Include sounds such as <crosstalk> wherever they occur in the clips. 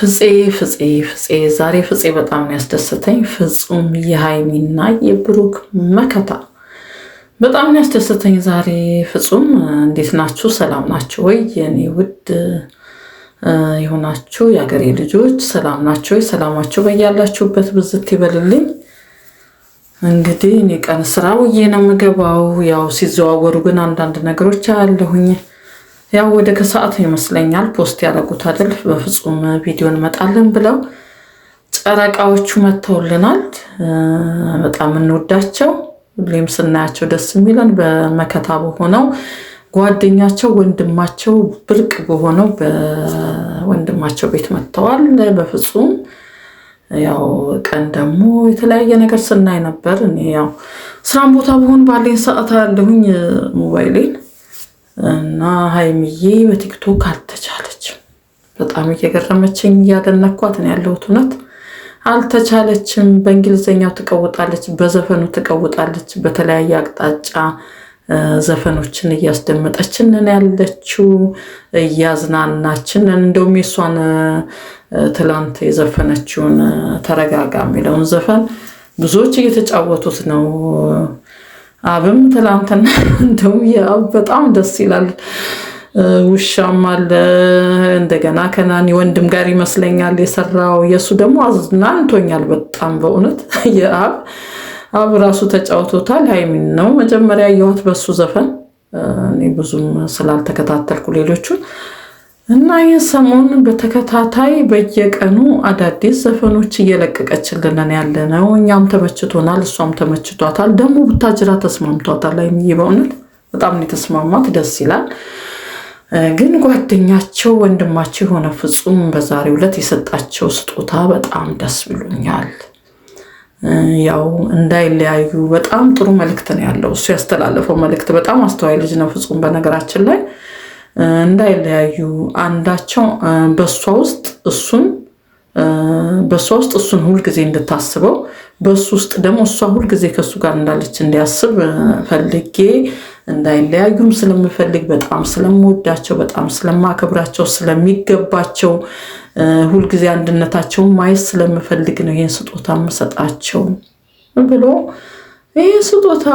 ፍፄ ፍፄ ፍፄ ዛሬ ፍፄ በጣም ነው ያስደሰተኝ። ፍጹም የሀይሚና የብሩክ መከታ በጣም ነው ያስደሰተኝ ዛሬ። ፍጹም እንዴት ናችሁ? ሰላም ናችሁ ወይ? የኔ ውድ የሆናችሁ የአገሬ ልጆች ሰላም ናችሁ ወይ? ሰላማችሁ በያላችሁበት ብዝት ይበልልኝ። እንግዲህ እኔ ቀን ስራ ውዬ ነው የምገባው። ያው ሲዘዋወሩ ግን አንዳንድ ነገሮች አያለሁኝ ያው ወደ ከሰዓት ይመስለኛል ፖስት ያደረጉት አይደል? በፍጹም ቪዲዮ እንመጣለን ብለው ጨረቃዎቹ መጥተውልናል። በጣም እንወዳቸው፣ ሁሌም ስናያቸው ደስ የሚለን በመከታ በሆነው ጓደኛቸው ወንድማቸው ብርቅ በሆነው በወንድማቸው ቤት መጥተዋል። በፍጹም ያው ቀን ደግሞ የተለያየ ነገር ስናይ ነበር። እኔ ያው ስራም ቦታ በሆን ባለኝ ሰዓት አለሁኝ ሞባይሌን እና ሀይምዬ በቲክቶክ አልተቻለችም። በጣም እየገረመችኝ እያደነኳት ነው ያለሁት። እውነት አልተቻለችም። በእንግሊዝኛው ትቀውጣለች፣ በዘፈኑ ትቀውጣለች። በተለያየ አቅጣጫ ዘፈኖችን እያስደመጠችንን ያለችው እያዝናናችንን፣ እንደውም የእሷን ትላንት የዘፈነችውን ተረጋጋ የሚለውን ዘፈን ብዙዎች እየተጫወቱት ነው። አብም ትላንትና <laughs> እንደው ያው በጣም ደስ ይላል። ውሻም አለ እንደገና ከናኒ ወንድም ጋር ይመስለኛል የሰራው የእሱ ደግሞ አዝናንቶኛል በጣም በእውነት <laughs> የአብ አብ ራሱ ተጫውቶታል። ሀይሚን ነው መጀመሪያ የዋት በሱ ዘፈን እኔ ብዙም ስላልተከታተልኩ ሌሎቹን እና ይህ ሰሞን በተከታታይ በየቀኑ አዳዲስ ዘፈኖች እየለቀቀችልን ያለ ነው። እኛም ተመችቶናል፣ እሷም ተመችቷታል። ደግሞ ቡታጅራ ተስማምቷታል። ሀይሚዬ በእውነት በጣም ነው የተስማማት፣ ደስ ይላል። ግን ጓደኛቸው ወንድማቸው የሆነ ፍጹም በዛሬው ዕለት የሰጣቸው ስጦታ በጣም ደስ ብሎኛል። ያው እንዳይለያዩ በጣም ጥሩ መልእክት ነው ያለው እሱ ያስተላለፈው መልእክት። በጣም አስተዋይ ልጅ ነው ፍጹም በነገራችን ላይ እንዳይለያዩ አንዳቸው በእሷ ውስጥ እሱን በእሷ ውስጥ እሱን ሁልጊዜ እንድታስበው በእሱ ውስጥ ደግሞ እሷ ሁልጊዜ ከእሱ ጋር እንዳለች እንዲያስብ ፈልጌ እንዳይለያዩም ስለምፈልግ በጣም ስለምወዳቸው በጣም ስለማከብራቸው ስለሚገባቸው ሁልጊዜ አንድነታቸውን ማየት ስለምፈልግ ነው ይህን ስጦታ የምሰጣቸው ብሎ ይህ ስጦታ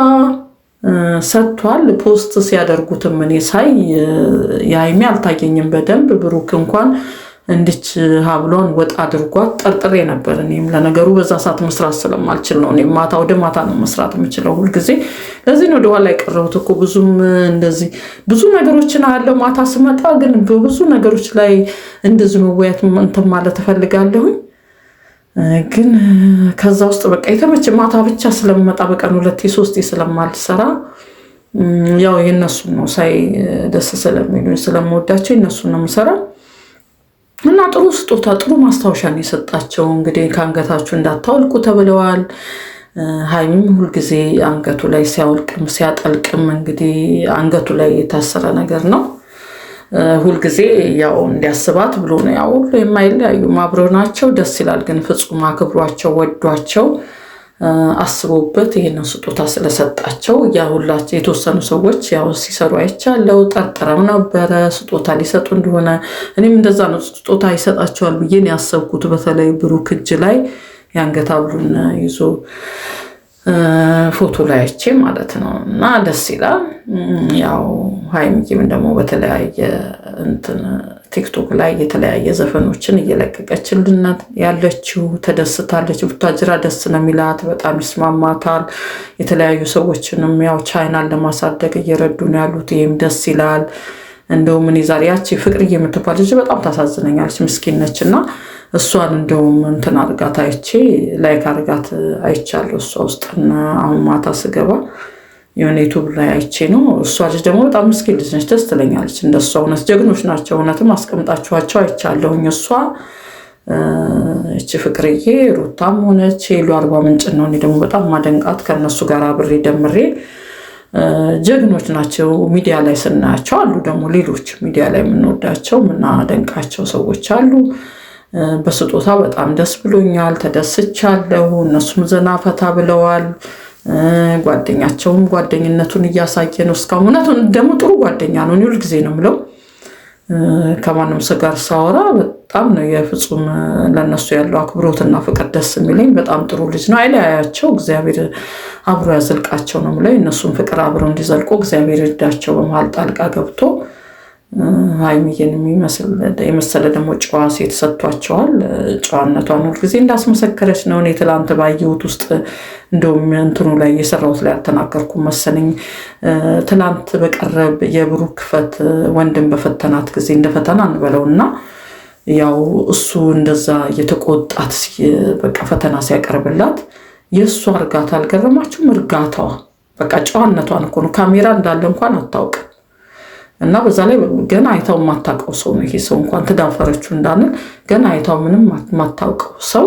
ሰጥቷል። ፖስት ሲያደርጉትም እኔ ሳይ የሀይሚ አልታየኝም በደንብ ብሩክ እንኳን እንድች ሀብሏን ወጥ አድርጓት ጠርጥሬ ነበር። እኔም ለነገሩ በዛ ሰዓት መስራት ስለማልችል ነው። እኔም ማታ ወደ ማታ ነው መስራት የምችለው ሁልጊዜ። ለዚህ ነው ወደኋላ የቀረቡት እኮ ብዙም እንደዚህ ብዙ ነገሮችን አለው። ማታ ስመጣ ግን በብዙ ነገሮች ላይ እንደዚህ መወያት እንትን ማለት እፈልጋለሁኝ። ግን ከዛ ውስጥ በቃ የተመቸ ማታ ብቻ ስለምመጣ በቀን ሁለቴ ሶስቴ ስለማልሰራ ያው የነሱን ነው ሳይ ደስ ስለሚሉኝ ስለምወዳቸው የነሱን ነው የምሰራው። እና ጥሩ ስጦታ ጥሩ ማስታወሻ ነው የሰጣቸው። እንግዲህ ከአንገታችሁ እንዳታወልቁ ተብለዋል። ሀይሚም ሁልጊዜ አንገቱ ላይ ሲያወልቅም ሲያጠልቅም እንግዲህ አንገቱ ላይ የታሰረ ነገር ነው ሁልጊዜ ያው እንዲያስባት ብሎ ነው። ያው ሁሉ የማይለያዩም አብረው ናቸው። ደስ ይላል። ግን ፍጹም አክብሯቸው ወዷቸው አስቦበት ይህንን ስጦታ ስለሰጣቸው ያሁላቸው የተወሰኑ ሰዎች ያው ሲሰሩ አይቻለው። ጠርጥረው ነበረ ስጦታ ሊሰጡ እንደሆነ። እኔም እንደዛ ነው ስጦታ ይሰጣቸዋል ብዬን ያሰብኩት በተለይ ብሩክ እጅ ላይ የአንገት ሐብሉን ይዞ ፎቶ ላይች ማለት ነው። እና ደስ ይላል። ያው ሀይሚም ደግሞ በተለያየ እንትን ቲክቶክ ላይ የተለያየ ዘፈኖችን እየለቀቀችልን ያለችው ተደስታለች። ቡታጅራ ደስ ነው የሚላት፣ በጣም ይስማማታል። የተለያዩ ሰዎችንም ያው ቻይናን ለማሳደግ እየረዱ ነው ያሉት። ይህም ደስ ይላል። እንደውም እኔ ዛሬ ያቺ ፍቅር የምትባል ልጅ በጣም ታሳዝነኛለች፣ ምስኪን ነች እና እሷን እንደውም እንትን አድርጋት አይቼ ላይክ አድርጋት አይቻለሁ። እሷ ውስጥና አሁን ማታ ስገባ የሆነ ዩቱብ ላይ አይቼ ነው። እሷ ልጅ ደግሞ በጣም ምስኪን ልጅ ነች፣ ደስ ትለኛለች። እንደሷ እውነት ጀግኖች ናቸው። እውነትም አስቀምጣችኋቸው አይቻለሁኝ። እሷ እቺ ፍቅርዬ ሩታም ሆነች ሄሉ አርባ ምንጭ ነው። እኔ ደግሞ በጣም ማደንቃት ከእነሱ ጋር አብሬ ደምሬ ጀግኖች ናቸው። ሚዲያ ላይ ስናያቸው አሉ ደግሞ ሌሎች ሚዲያ ላይ የምንወዳቸው የምናደንቃቸው ሰዎች አሉ። በስጦታ በጣም ደስ ብሎኛል፣ ተደስቻለሁ። እነሱም ዘና ፈታ ብለዋል። ጓደኛቸውም ጓደኝነቱን እያሳየ ነው እስካሁን። ደግሞ ጥሩ ጓደኛ ነው። ሁል ጊዜ ነው ምለው ከማንም ሰው ጋር ሳወራ በጣም ነው የፍጹም ለነሱ ያለው አክብሮትና ፍቅር ደስ የሚለኝ። በጣም ጥሩ ልጅ ነው። አይለያያቸው፣ እግዚአብሔር አብሮ ያዘልቃቸው ነው ምለው። እነሱም ፍቅር አብረው እንዲዘልቁ እግዚአብሔር ይርዳቸው። በመሀል ጣልቃ ገብቶ ሀይሚዬን የመሰለ ደግሞ ጨዋ ሴት ሰጥቷቸዋል። ጨዋነቷን ሁልጊዜ እንዳስመሰከረች ነው። እኔ ትላንት ባየሁት ውስጥ እንደውም እንትኑ ላይ የሰራሁት ላይ አልተናገርኩም መሰለኝ። ትላንት በቀረብ የብሩክ ክፈት ወንድም በፈተናት ጊዜ እንደ ፈተና እና ያው እሱ እንደዛ የተቆጣት በቃ ፈተና ሲያቀርብላት የእሱ እርጋታ አልገረማችሁም? እርጋታዋ በቃ ጨዋነቷን እኮ ነው። ካሜራ እንዳለ እንኳን አታውቅም። እና በዛ ላይ ገና አይታው የማታውቀው ሰው ነው ይሄ ሰው እንኳን ተዳፈረችው እንዳንል ገና አይታው ምንም የማታውቀው ሰው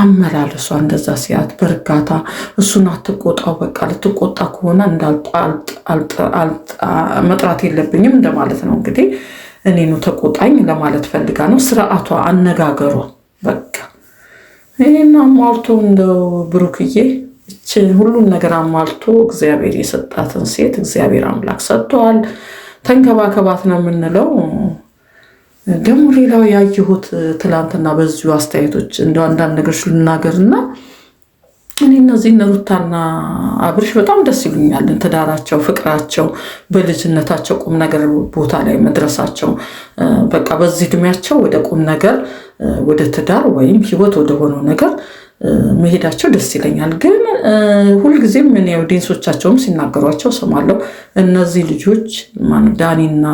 አመላለሷ እንደዛ ሲያት በእርጋታ እሱን አትቆጣው። በቃ ልትቆጣ ከሆነ መጥራት የለብኝም እንደማለት ነው እንግዲህ ነው ተቆጣኝ ለማለት ፈልጋ ነው። ስርዓቷ፣ አነጋገሯ በቃ ይህና አሟልቶ እንደው ብሩክዬ ሁሉን ነገር አሟልቶ እግዚአብሔር የሰጣትን ሴት እግዚአብሔር አምላክ ሰጥተዋል። ተንከባከባት ነው የምንለው። ደግሞ ሌላው ያየሁት ትላንትና በዚሁ አስተያየቶች እንደ አንዳንድ ነገሮች ልናገርና እኔ እነዚህ ነሩታና አብርሽ በጣም ደስ ይሉኛል። ትዳራቸው፣ ፍቅራቸው፣ በልጅነታቸው ቁም ነገር ቦታ ላይ መድረሳቸው በቃ በዚህ እድሜያቸው ወደ ቁም ነገር ወደ ትዳር ወይም ህይወት ወደሆነው ነገር መሄዳቸው ደስ ይለኛል። ግን ሁልጊዜም ያው ኦዲየንሶቻቸውም ሲናገሯቸው ሰማለሁ። እነዚህ ልጆች ዳኒና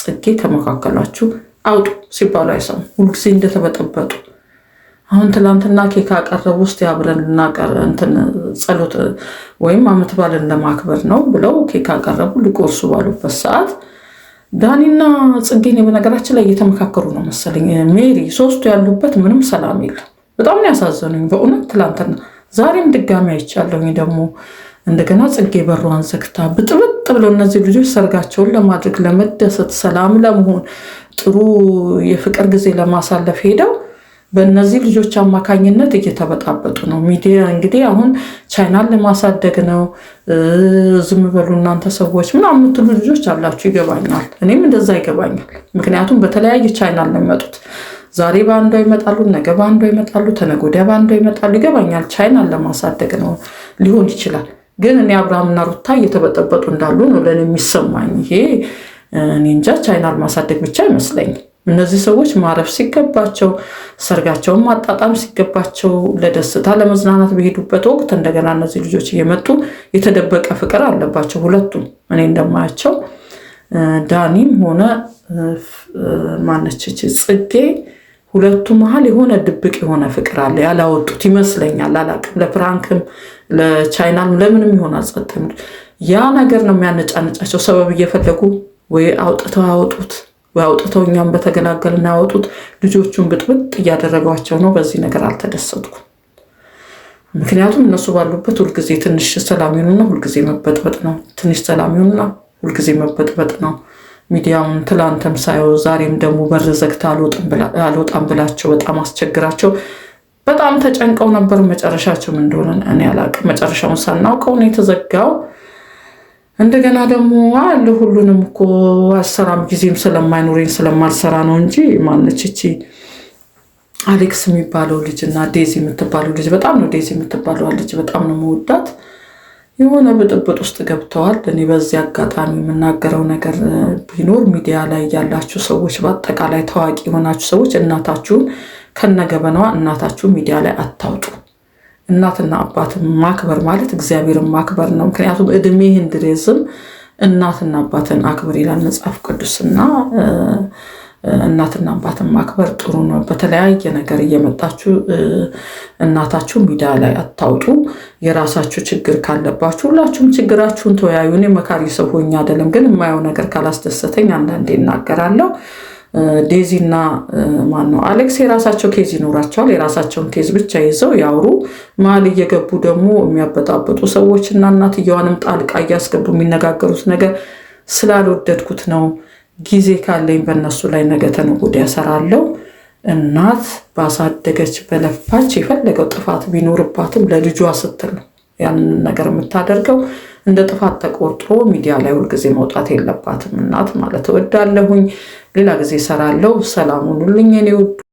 ጽጌ ከመካከላችሁ አውጡ ሲባሉ አይሰሙ፣ ሁልጊዜ እንደተበጠበጡ። አሁን ትላንትና ኬክ አቀረቡ ውስጥ አብረን ጸሎት ወይም አመት ባልን ለማክበር ነው ብለው ኬክ አቀረቡ። ሊቆርሱ ባሉበት ሰዓት ዳኒና ጽጌ በነገራችን ላይ እየተመካከሩ ነው መሰለኝ ሜሪ፣ ሶስቱ ያሉበት ምንም ሰላም የለም በጣም ያሳዘኑኝ በእውነት ትላንትና። ዛሬም ድጋሚ አይቻለሁኝ ደግሞ እንደገና ጽጌ በሯን ዘግታ ብጥብጥ ብለው እነዚህ ልጆች ሰርጋቸውን ለማድረግ ለመደሰት፣ ሰላም ለመሆን፣ ጥሩ የፍቅር ጊዜ ለማሳለፍ ሄደው በእነዚህ ልጆች አማካኝነት እየተበጣበጡ ነው። ሚዲያ እንግዲህ አሁን ቻይናን ለማሳደግ ነው። ዝም በሉ እናንተ ሰዎች ምናምን የምትሉ ልጆች አላችሁ፣ ይገባኛል። እኔም እንደዛ ይገባኛል። ምክንያቱም በተለያየ ቻይናን ለሚመጡት ዛሬ በአንዷ ይመጣሉ፣ ነገ በአንዷ ይመጣሉ፣ ተነገ ወዲያ በአንዷ ይመጣሉ። ይገባኛል፣ ቻይናን ለማሳደግ ነው ሊሆን ይችላል። ግን እኔ አብርሃምና ሩታ እየተበጠበጡ እንዳሉ ነው ለእኔ የሚሰማኝ። ይሄ እኔ እንጃ፣ ቻይናን ማሳደግ ብቻ አይመስለኝም። እነዚህ ሰዎች ማረፍ ሲገባቸው ሰርጋቸውን ማጣጣም ሲገባቸው ለደስታ ለመዝናናት በሄዱበት ወቅት እንደገና እነዚህ ልጆች እየመጡ የተደበቀ ፍቅር አለባቸው ሁለቱም። እኔ እንደማያቸው ዳኒም ሆነ ማነች ጽጌ ሁለቱ መሀል የሆነ ድብቅ የሆነ ፍቅር አለ። ያላወጡት ይመስለኛል። አላቅም፣ ለፍራንክም ለቻይናም ለምንም ይሆን አጸጥም። ያ ነገር ነው የሚያነጫነጫቸው። ሰበብ እየፈለጉ ወይ አውጥተው ያወጡት ወይ አውጥተው እኛም በተገላገልን ያወጡት። ልጆቹን ብጥብጥ እያደረጓቸው ነው። በዚህ ነገር አልተደሰትኩም። ምክንያቱም እነሱ ባሉበት ሁልጊዜ ትንሽ ሰላም ይሁንና ሁልጊዜ መበጥበጥ ነው። ትንሽ ሰላም ይሁንና ሁልጊዜ መበጥበጥ ነው። ሚዲያውን ትላንትም ሳየው ዛሬም ደግሞ በር አልወጣም ብላቸው በጣም አስቸግራቸው በጣም ተጨንቀው ነበር። መጨረሻቸው ምን እንደሆነ እኔ አላቅም። መጨረሻውን ሳናውቀው ነው የተዘጋው። እንደገና ደግሞ አለ ሁሉንም እኮ አሰራም ጊዜም ስለማይኖረኝ ስለማልሰራ ነው እንጂ ማነች እቺ አሌክስ የሚባለው ልጅ እና ዴዚ የምትባለው ልጅ በጣም ነው ዴዚ የምትባለው ልጅ በጣም ነው መወዳት የሆነ ብጥብጥ ውስጥ ገብተዋል። እኔ በዚህ አጋጣሚ የምናገረው ነገር ቢኖር ሚዲያ ላይ ያላችሁ ሰዎች፣ በአጠቃላይ ታዋቂ የሆናችሁ ሰዎች እናታችሁን ከነገበናዋ እናታችሁ ሚዲያ ላይ አታውጡ። እናትና አባትን ማክበር ማለት እግዚአብሔርን ማክበር ነው። ምክንያቱም እድሜ ህንድሬዝም እናትና አባትን አክብር ይላል መጽሐፍ ቅዱስና እናትና አባትን ማክበር ጥሩ ነው። በተለያየ ነገር እየመጣችሁ እናታችሁ ሚዲያ ላይ አታውጡ። የራሳችሁ ችግር ካለባችሁ ሁላችሁም ችግራችሁን ተወያዩ። እኔ መካሪ ሰው ሆኜ አይደለም፣ ግን የማየው ነገር ካላስደሰተኝ አንዳንዴ እናገራለሁ። ዴዚ እና ማን ነው አሌክስ የራሳቸው ኬዝ ይኖራቸዋል። የራሳቸውን ኬዝ ብቻ ይዘው ያውሩ። መሀል እየገቡ ደግሞ የሚያበጣበጡ ሰዎች እና እናትየዋንም ጣልቃ እያስገቡ የሚነጋገሩት ነገር ስላልወደድኩት ነው ጊዜ ካለኝ በእነሱ ላይ ነገ ተነጎዳ ያሰራለው። እናት ባሳደገች በለፋች የፈለገው ጥፋት ቢኖርባትም ለልጇ ስትል ነው ያንን ነገር የምታደርገው። እንደ ጥፋት ተቆርጦ ሚዲያ ላይ ሁልጊዜ መውጣት የለባትም እናት ማለት እወዳለሁኝ። ሌላ ጊዜ እሰራለሁ። ሰላም ሁኑልኝ የኔ ውድ